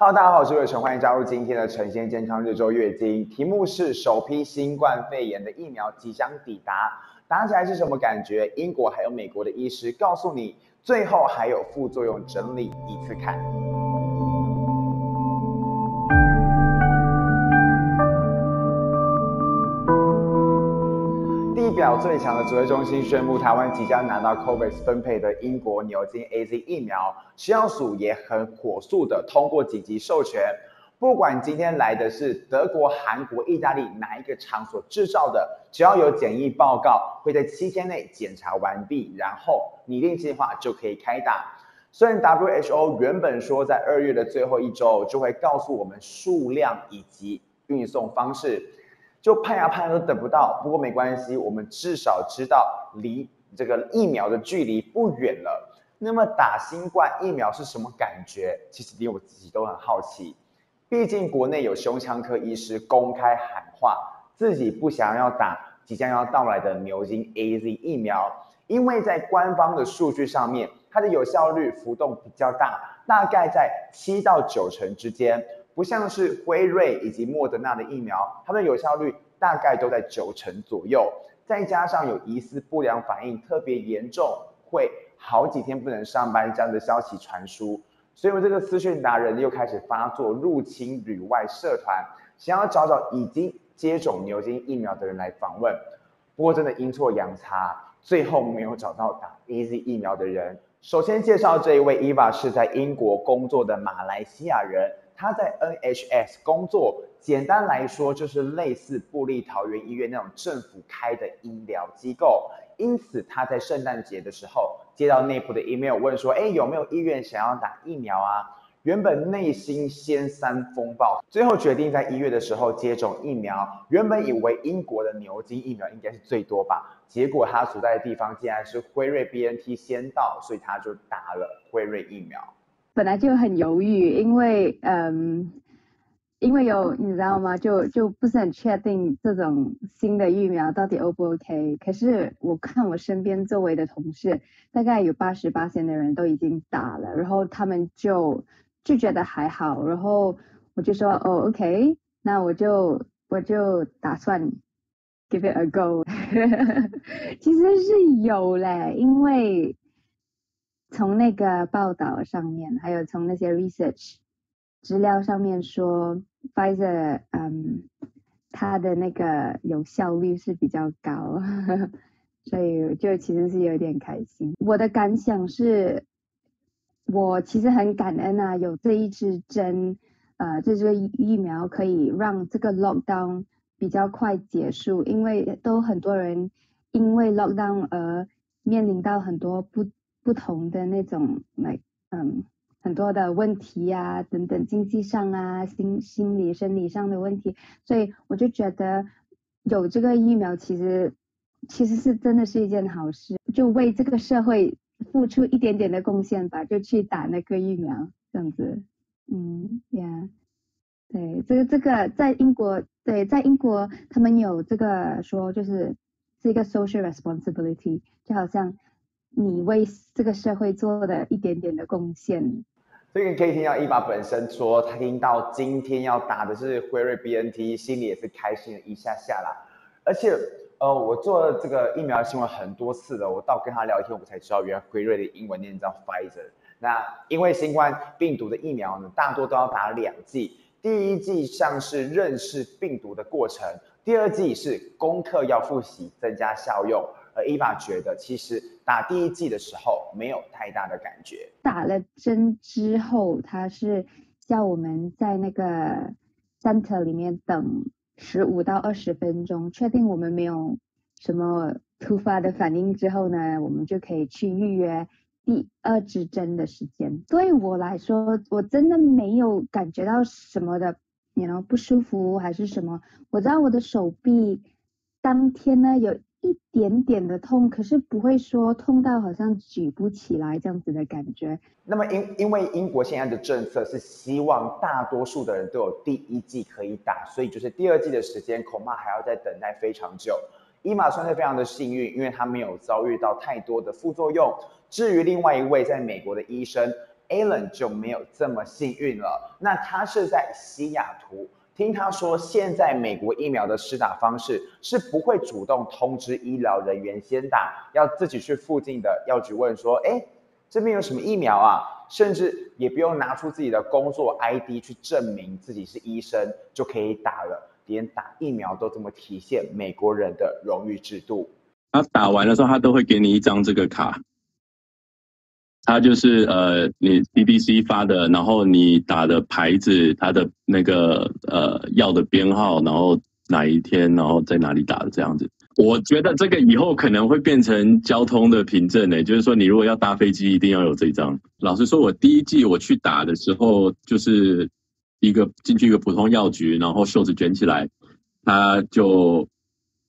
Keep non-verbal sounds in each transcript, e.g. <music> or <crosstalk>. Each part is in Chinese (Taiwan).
Hello，大家好，我是偉成，歡迎加入今天的晨先健康日周月經。題目是首批新冠肺炎的疫苗即將抵達，打起來是什麼感覺？英國還有美國的醫師告訴你，最後還有副作用整理一次看。最強的指揮中心宣布，台灣即將拿到 COVAX 分配的英國牛津 AZ 疫苗，食藥署也很火速的通過緊急授權。不管今天來的是德國、韓國、意大利哪一個場所制造的，只要有檢疫報告，會在七天內檢查完畢，然後擬定計劃就可以開打。雖然 WHO 原本說在二月的最後一周就會告訴我們數量以及運送方式。就盼呀盼呀都等不到，不過沒關係，我們至少知道離這個疫苗的距離不遠了。那麼打新冠疫苗是什麼感覺？其實連我自己都很好奇。畢竟國內有胸腔科醫師公開喊話，自己不想要打即將要到來的牛津 AZ 疫苗，因為在官方的數據上面，它的有效率浮動比較大，大概在七到九成之間。不像是輝瑞以及莫德納的疫苗，它的有效率大概都在九成左右。再加上有疑似不良反應特別嚴重，會好幾天不能上班這樣的消息傳輸。所以我這個私訊達人又開始發作，入侵旅外社團，想要找找已經接種牛津疫苗的人來訪問。不過真的陰錯陽差，最後沒有找到打 AZ 疫苗的人。首先介紹這一位，Eva 是在英國工作的馬來西亞人。他在 NHS 工作，簡單來說就是類似部立桃園醫院那種政府開的醫療機構。因此他在聖誕節的時候接到內部的 email 問說，哎，有沒有意願，想要打疫苗啊？原本內心先三風暴，最後決定在一月的時候接種疫苗。原本以為英國的牛津疫苗應該是最多吧，結果他所在的地方竟然是輝瑞 B N T 先到，所以他就打了輝瑞疫苗。本來就很猶豫，因為嗯，因為有你知道嗎？就就不是很確定這種新的疫苗到底 O 不 OK。可是我看我身邊周圍的同事，大概有八十八線的人都已經打了，然後他們就就覺得還好，然後我就說哦 OK，那我就我就打算 give it a go。 <laughs> 其實是有嘞，因為。從那個報道上面，還有從那些 research 資料上面說，Pfizer 嗯、um，它的那個有效率是比較高，呵呵，所以就其實是有點開心。我的感想是，我其實很感恩啊，有這一支針，呃，這支疫苗可以讓這個 lockdown 比較快結束，因為都很多人因為 lockdown 而面臨到很多不。不同的那種，那嗯，很多的問題呀、啊，等等，經濟上啊，心心理、生理上的問題，所以我就覺得有這個疫苗，其實其實是真的是一件好事，就為這個社會付出一點點的貢獻吧，就去打那個疫苗，這樣子，嗯、mm，Yeah，對，這個這個在英國，對，在英國他們有這個說，就是是一個 social responsibility，就好像。你為這個社會做的一點點的貢獻，所以你可以聽到 Eva 本身說，他聽到今天要打的是輝瑞 BNT，心裡也是開心了一下下啦。而且，呃，我做了這個疫苗新聞很多次了，我到跟他聊天，我才知道原來輝瑞的英文念叫 Pfizer。那因為新冠病毒的疫苗呢，大多都要打兩劑，第一劑像是認識病毒的過程，第二劑是功課要複習，增加效用。Eva 覺得其實打第一劑的時候沒有太大的感覺，打了針之後，他是叫我們在那個 center 裡面等十五到二十分鐘，確定我們沒有什麼突發的反應之後呢，我們就可以去預約第二支針的時間。對我來說，我真的沒有感覺到什麼的，你 know 不舒服還是什麼？我知道我的手臂當天呢有，一點點的痛，可是不會說痛到好像舉不起來這樣子的感覺。那麼因因為英國現在的政策是希望大多數的人都有第一劑可以打，所以就是第二劑的時間恐怕還要再等待非常久。Eva 算是非常的幸運，因為他沒有遭遇到太多的副作用。至於另外一位在美國的醫生 Allen 就沒有這麼幸運了。那他是在西雅圖。聽他說，現在美國疫苗的施打方式是不會主動通知醫療人員先打，要自己去附近的藥局問說，哎，這邊有什麼疫苗啊？甚至也不用拿出自己的工作 ID 去證明自己是醫生就可以打了。連打疫苗都這麼體現美國人的榮譽制度。他打完了之後，他都會給你一張這個卡。它就是呃，你 b b c 發的，然後你打的牌子，它的那個呃藥的編號，然後哪一天，然後在哪裡打的這樣子。我覺得這個以後可能會變成交通的憑證誒、欸，就是說你如果要搭飛機，一定要有這張。老實說，我第一劑我去打的時候，就是一個進去一個普通藥局，然後袖子捲起來，他就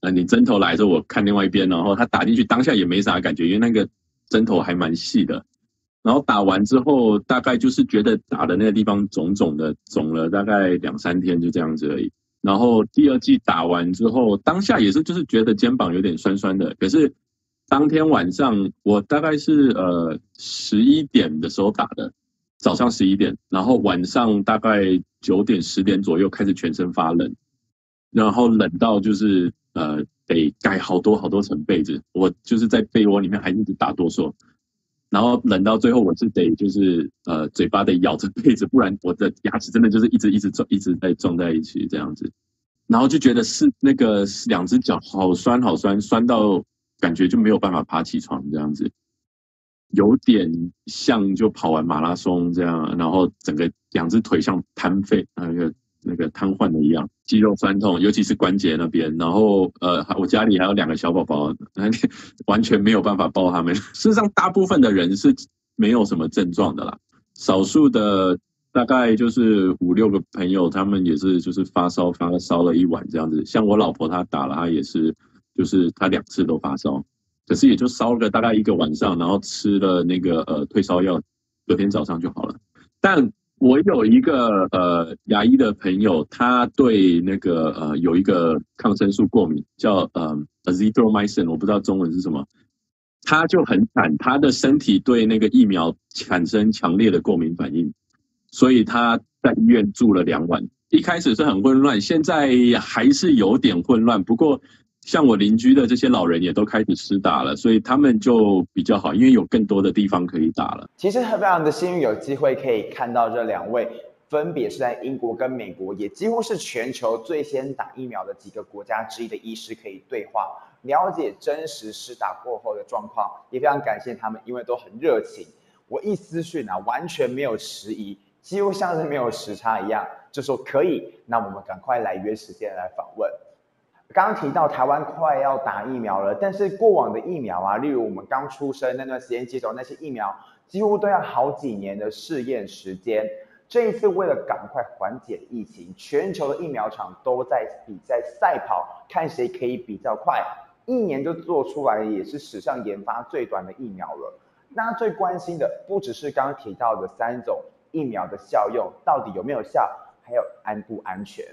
呃你針頭來着我看另外一邊，然後他打進去，當下也沒啥感覺，因為那個針頭還蠻細的。然後打完之後，大概就是覺得打的那個地方腫腫的，腫了大概兩三天就這樣子而已。然後第二劑打完之後，當下也是就是覺得肩膀有點痠痠的，可是當天晚上我大概是呃十一點的時候打的，早上十一點，然後晚上大概九點十點左右開始全身發冷，然後冷到就是呃得蓋好多好多層被子，我就是在被窩裡面還一直打哆嗦。然後冷到最後，我是得就是呃，嘴巴得咬着被子，不然我的牙齒真的就是一直一直撞，一直在撞在一起這樣子。然後就覺得是那個兩隻腳好酸好酸，酸到感覺就沒有辦法爬起床這樣子，有點像就跑完馬拉松這樣，然後整個兩隻腿像癱廢那個。那個癱瘓的一樣，肌肉酸痛，尤其是關節那邊。然後，呃，我家裡還有兩個小寶寶，完全沒有辦法抱他們。 <laughs> 事實上，大部分的人是沒有什麼症狀的啦。少數的，大概就是五六個朋友，他們也是就是發燒，發燒了一晚這樣子。像我老婆她打了，她也是就是她兩次都發燒，可是也就燒了大概一個晚上，然後吃了那個呃退燒藥，隔天早上就好了。但我有一個呃牙醫的朋友，他對那個呃有一個抗生素過敏，叫呃 azithromycin，我不知道中文是什麼。他就很慘，他的身體對那個疫苗產生強烈的過敏反應，所以他在醫院住了兩晚。一開始是很混亂，現在還是有點混亂，不過。像我鄰居的這些老人也都開始施打了，所以他們就比較好，因為有更多的地方可以打了。其實很非常的幸運有機會可以看到這兩位，分別是在英國跟美國，也幾乎是全球最先打疫苗的幾個國家之一的醫師可以對話，了解真實施打過後的狀況。也非常感謝他們，因為都很熱情。我一私訊啊，完全沒有遲疑，幾乎像是沒有時差一樣，就說可以。那我們趕快來約時間來訪問。剛提到台灣快要打疫苗了，但是過往的疫苗啊，例如我們剛出生那段時間接種那些疫苗，幾乎都要好幾年的試驗時間。這一次為了趕快緩解疫情，全球的疫苗廠都在比賽賽跑，看誰可以比較快，一年就做出來，也是史上研發最短的疫苗了。那最關心的不只是剛剛提到的三種疫苗的效用到底有沒有效，還有安不安全。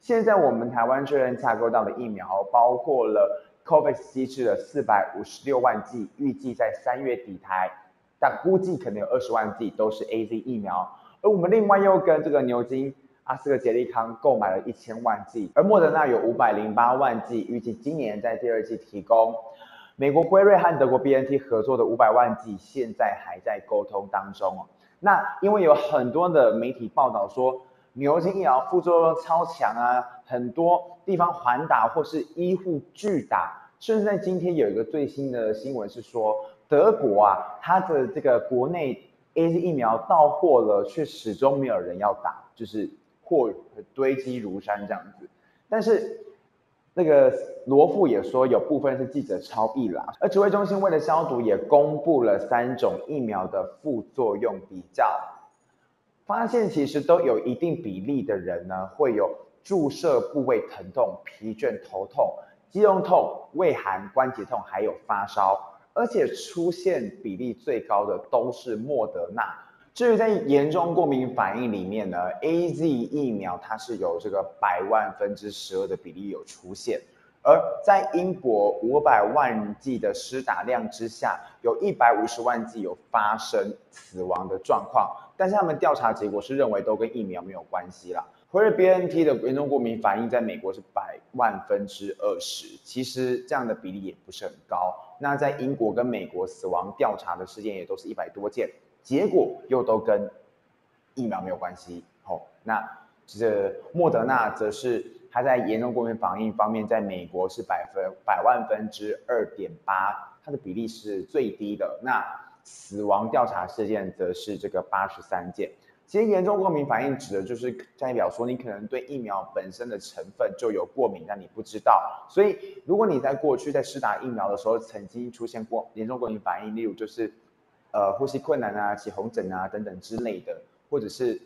現在我們台灣確認採購到的疫苗，包括了 COVAX 機制的四百五十六萬劑，預計在三月底台，但估計可能有二十萬劑都是 A Z 疫苗。而我們另外又跟這個牛津、阿斯克杰利康購買了一千萬劑，而莫德納有五百零八萬劑，預計今年在第二季提供。美國輝瑞和德國 B N T 合作的五百萬劑，現在還在溝通當中。那因為有很多的媒體報道說，牛津疫苗副作用超強啊，很多地方緩打或是醫護拒打，甚至在今天有一個最新的新聞是說，德國啊，它的這個國內 AZ 疫苗到貨了，卻始終沒有人要打，就是貨堆積如山這樣子。但是那個羅富也說，有部分是記者超譯啦。而指揮中心為了消毒，也公布了三種疫苗的副作用比較。發現其實都有一定比例的人呢，會有注射部位疼痛、疲倦、頭痛、肌肉痛、畏寒、關節痛，還有發燒，而且出現比例最高的都是莫德納。至於在嚴重過敏反應裡面呢，AZ 疫苗它是有這個百萬分之十二的比例有出現，而在英國五百萬劑的施打量之下，有一百五十萬劑有發生死亡的狀況。但是他們調查結果是認為都跟疫苗沒有關係啦。輝瑞 B N T 的嚴重過敏反應，在美國是百萬分之二十，其實這樣的比例也不是很高。那在英國跟美國死亡調查的事件也都是一百多件，結果又都跟疫苗沒有關係。好、哦，那這莫德納則是它在嚴重過敏反應方面，在美國是百分百萬分之二點八，它的比例是最低的。那。死亡調查事件則是這個八十三件，其實嚴重過敏反應指的就是代表說你可能對疫苗本身的成分就有過敏，但你不知道。所以如果你在過去在施打疫苗的時候曾經出現過嚴重過敏反應，例如就是呃呼吸困難啊、起紅疹啊等等之類的，或者是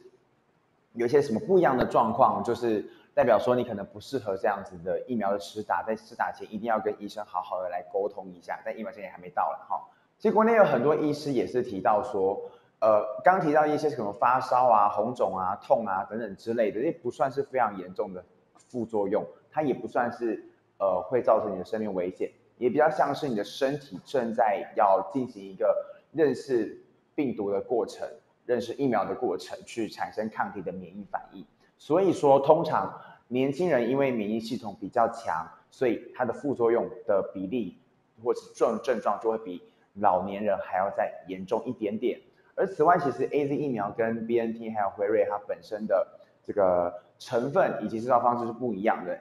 有一些什麼不一樣的狀況，就是代表說你可能不適合這樣子的疫苗的施打，在施打前一定要跟醫生好好的來溝通一下。但疫苗現在還沒到了哈。其實國內有很多醫師也是提到說，呃，剛提到一些什麼發燒啊、紅腫啊、痛啊等等之類的，也不算是非常嚴重的副作用，它也不算是呃會造成你的生命危險，也比較像是你的身體正在要進行一個認識病毒的過程、認識疫苗的過程，去產生抗體的免疫反應。所以說，通常年輕人因為免疫系統比較強，所以它的副作用的比例或是症症狀就會比。老年人還要再嚴重一點點。而此外，其實 A Z 疫苗跟 B N T 還有輝瑞它本身的這個成分以及製造方式是不一樣的。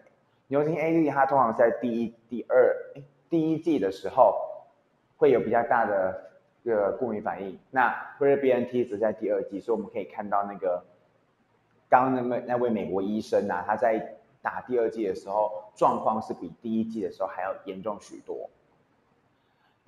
牛津 A Z 它通常在第一、第二，哎、欸，第一劑的時候會有比較大的一個過敏反應。那輝瑞 B N T 則在第二劑，所以我們可以看到那個剛剛那位，那位美國醫生呐、啊，他在打第二劑的時候狀況是比第一劑的時候還要嚴重許多。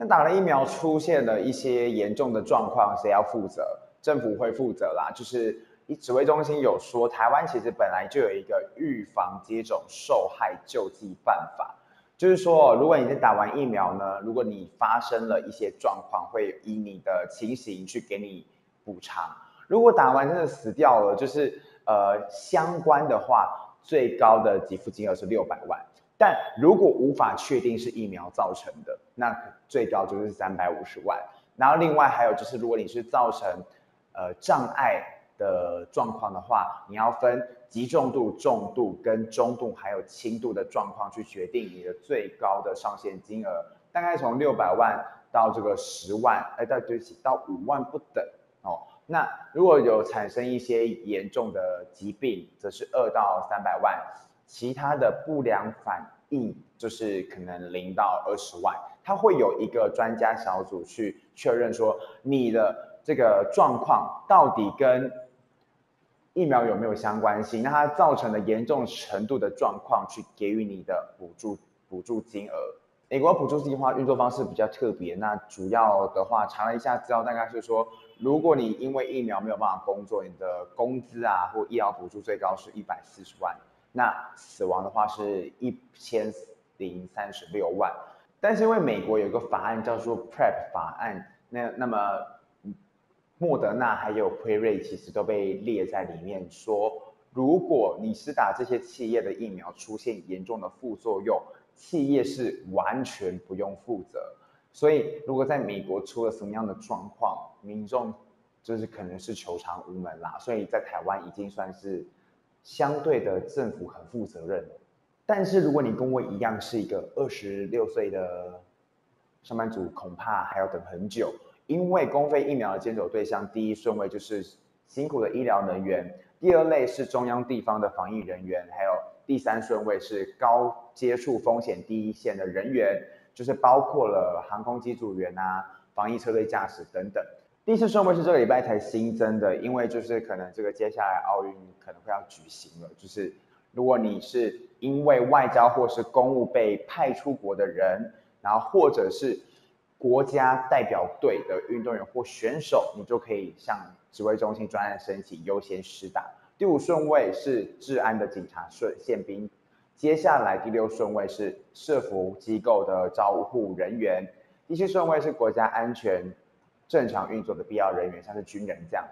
打了疫苗出現了一些嚴重的狀況，誰要負責？政府會負責啦。就是你指揮中心有說，台灣其實本來就有一個預防接種受害救濟辦法，就是說，如果你在打完疫苗呢，如果你發生了一些狀況，會以你的情形去給你補償。如果打完真的死掉了，就是呃相關的話，最高的給付金額是六百萬。但如果無法確定是疫苗造成的，那最高就是三百五十萬，然後另外還有就是，如果你是造成，呃，障礙的狀況的話，你要分極重度、重度跟中度，還有輕度的狀況去決定你的最高的上限金額，大概從六百萬到這個十萬，哎，到對不起，到五萬不等哦。那如果有產生一些嚴重的疾病，則是二到三百萬，其他的不良反應就是可能零到二十萬。他會有一個專家小組去確認說，你的這個狀況到底跟疫苗有沒有相關性，那它造成的嚴重程度的狀況去給予你的補助補助金額。美國補助計劃運作方式比較特別，那主要的話查了一下資料，大概是說，如果你因為疫苗沒有辦法工作，你的工資啊或醫療補助最高是一百四十萬，那死亡的話是一千零三十六萬。但是因為美國有個法案叫做 Prep 法案，那那麼莫德納還有輝瑞其實都被列在裡面說，說如果你是打這些企業的疫苗出現嚴重的副作用，企業是完全不用負責。所以如果在美國出了什麼樣的狀況，民眾就是可能是求償無門啦。所以在台灣已經算是相對的政府很負責任了。但是如果你跟我一樣是一個二十六歲的上班族，恐怕還要等很久，因為公費疫苗的接種對象第一順位就是辛苦的醫療人員，第二類是中央地方的防疫人員，還有第三順位是高接觸風險第一線的人員，就是包括了航空機組員啊、防疫車隊駕駛等等。第四順位是這個禮拜才新增的，因為就是可能這個接下來奧運可能會要舉行了，就是。如果你是因為外交或是公務被派出國的人，然後或者是國家代表隊的運動員或選手，你就可以向指揮中心專案申請優先施打。第五順位是治安的警察、順憲兵。接下來第六順位是社福機構的招呼人員。第七順位是國家安全正常運作的必要人員，像是軍人這樣。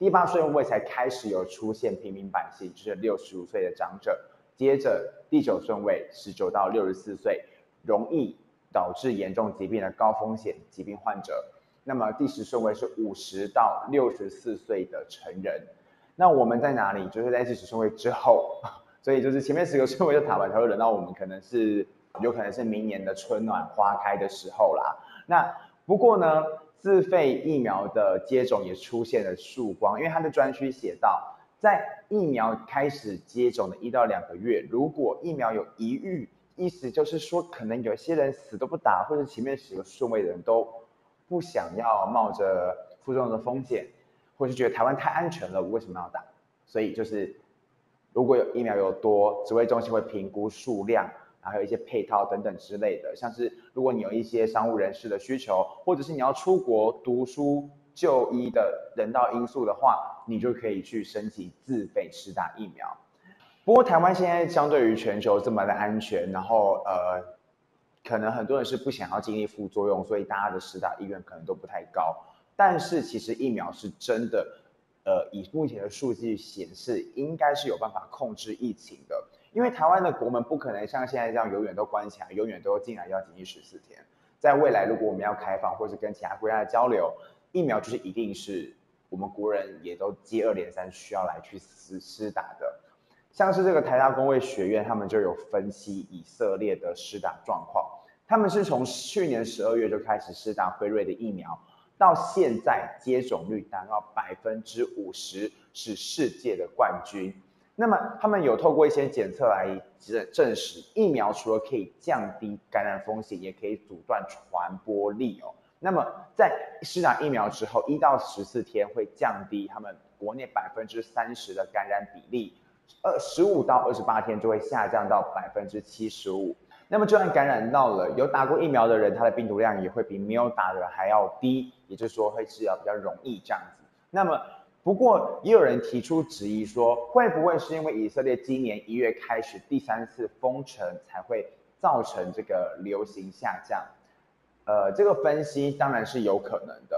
第八順位才開始有出現平民百姓，就是六十五歲的長者。接着第九順位，十九到六十四歲，容易導致嚴重疾病的高風險疾病患者。那麼第十順位是五十到六十四歲的成人。那我們在哪裡？就是在第十順位之後，所以就是前面十個順位的塔板才會輪到我們，可能是有可能是明年的春暖花開的時候啦。那不過呢？自費疫苗的接種也出現了曙光，因為它的專區寫到，在疫苗開始接種的一到兩個月，如果疫苗有疑慮，意思就是說，可能有些人死都不打，或者前面十個順位的人都不想要冒着副作用的風險，或是覺得台灣太安全了，為什麼要打？所以就是如果有疫苗有多，指揮中心會評估數量，然後有一些配套等等之類的，像是。如果你有一些商務人士的需求，或者是你要出國讀書、就醫的人道因素的話，你就可以去申請自費施打疫苗。不過，台灣現在相對於全球這麼的安全，然後呃，可能很多人是不想要經歷副作用，所以大家的施打意願可能都不太高。但是，其實疫苗是真的，呃，以目前的數據顯示，應該是有辦法控制疫情的。因為台灣的國門不可能像現在這樣永遠都關起來，永遠都進來要檢疫十四天。在未來，如果我們要開放或是跟其他國家的交流，疫苗就是一定是我們國人也都接二連三需要來去施施打的。像是這個台大公衛學院，他們就有分析以色列的施打狀況，他們是從去年十二月就開始施打輝瑞的疫苗，到現在接種率達到百分之五十，是世界的冠軍。那麼他們有透過一些檢測來證證實，疫苗除了可以降低感染風險，也可以阻斷傳播力哦。那麼在施打疫苗之後，一到十四天會降低他們國內百分之三十的感染比例，十五到二十八天就會下降到百分之七十五。那麼就算感染到了有打過疫苗的人，他的病毒量也會比沒有打的人還要低，也就是說會治療比較容易這樣子。那麼。不過也有人提出質疑，說會不會是因為以色列今年一月開始第三次封城才會造成這個流行下降？呃，這個分析當然是有可能的。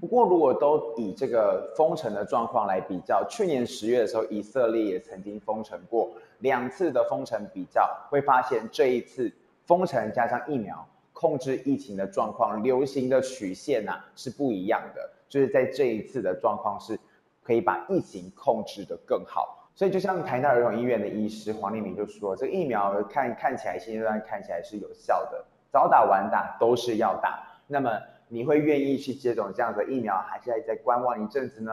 不過如果都以這個封城的狀況來比較，去年十月的時候以色列也曾經封城過，兩次的封城比較會發現這一次封城加上疫苗。控制疫情的狀況，流行的曲線呢、啊、是不一樣的。就是在這一次的狀況是，可以把疫情控制得更好。所以就像台大兒童醫院的醫師黃立民就說：“這個疫苗看看起來現階段看起來是有效的，早打晚打都是要打。”那麼你會願意去接種這樣的疫苗，還是還在觀望一陣子呢？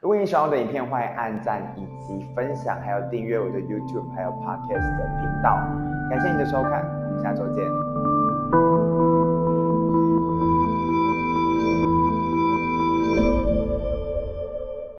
如果你喜歡我的影片，歡迎按讚以及分享，還有訂閱我的 YouTube 還有 Podcast 的頻道。感謝你的收看，我們下周見。